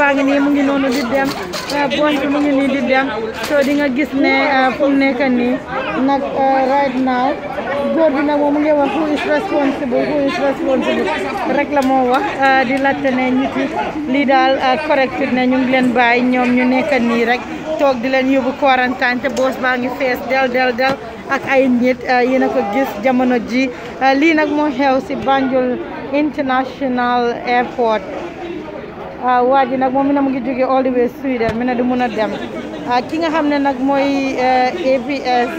baa ngi nii mu ngi noonu di dem pont ah, bi mu ngi nii di dem so di nga gis ne ah, fu mu nekk nii ah, right now góor bi nag moom mu ngi wax who is responsible who is responsible rek la moo wax di laajte ne nit yi lii daal corrected ne ñu ngi leen bàyyi ñoom ñu nekk nii rek toog di leen yóbbu quarantaine te boos baa ngi del del del ak ay nit yéen a ko gis jamono ji lii nag moo xew si Banjul International Airport ah waa ji nag moom mi na mu ngi jóge all the way Sweden mi ne du mun a dem ah ki nga xam ne nag mooy eh, APS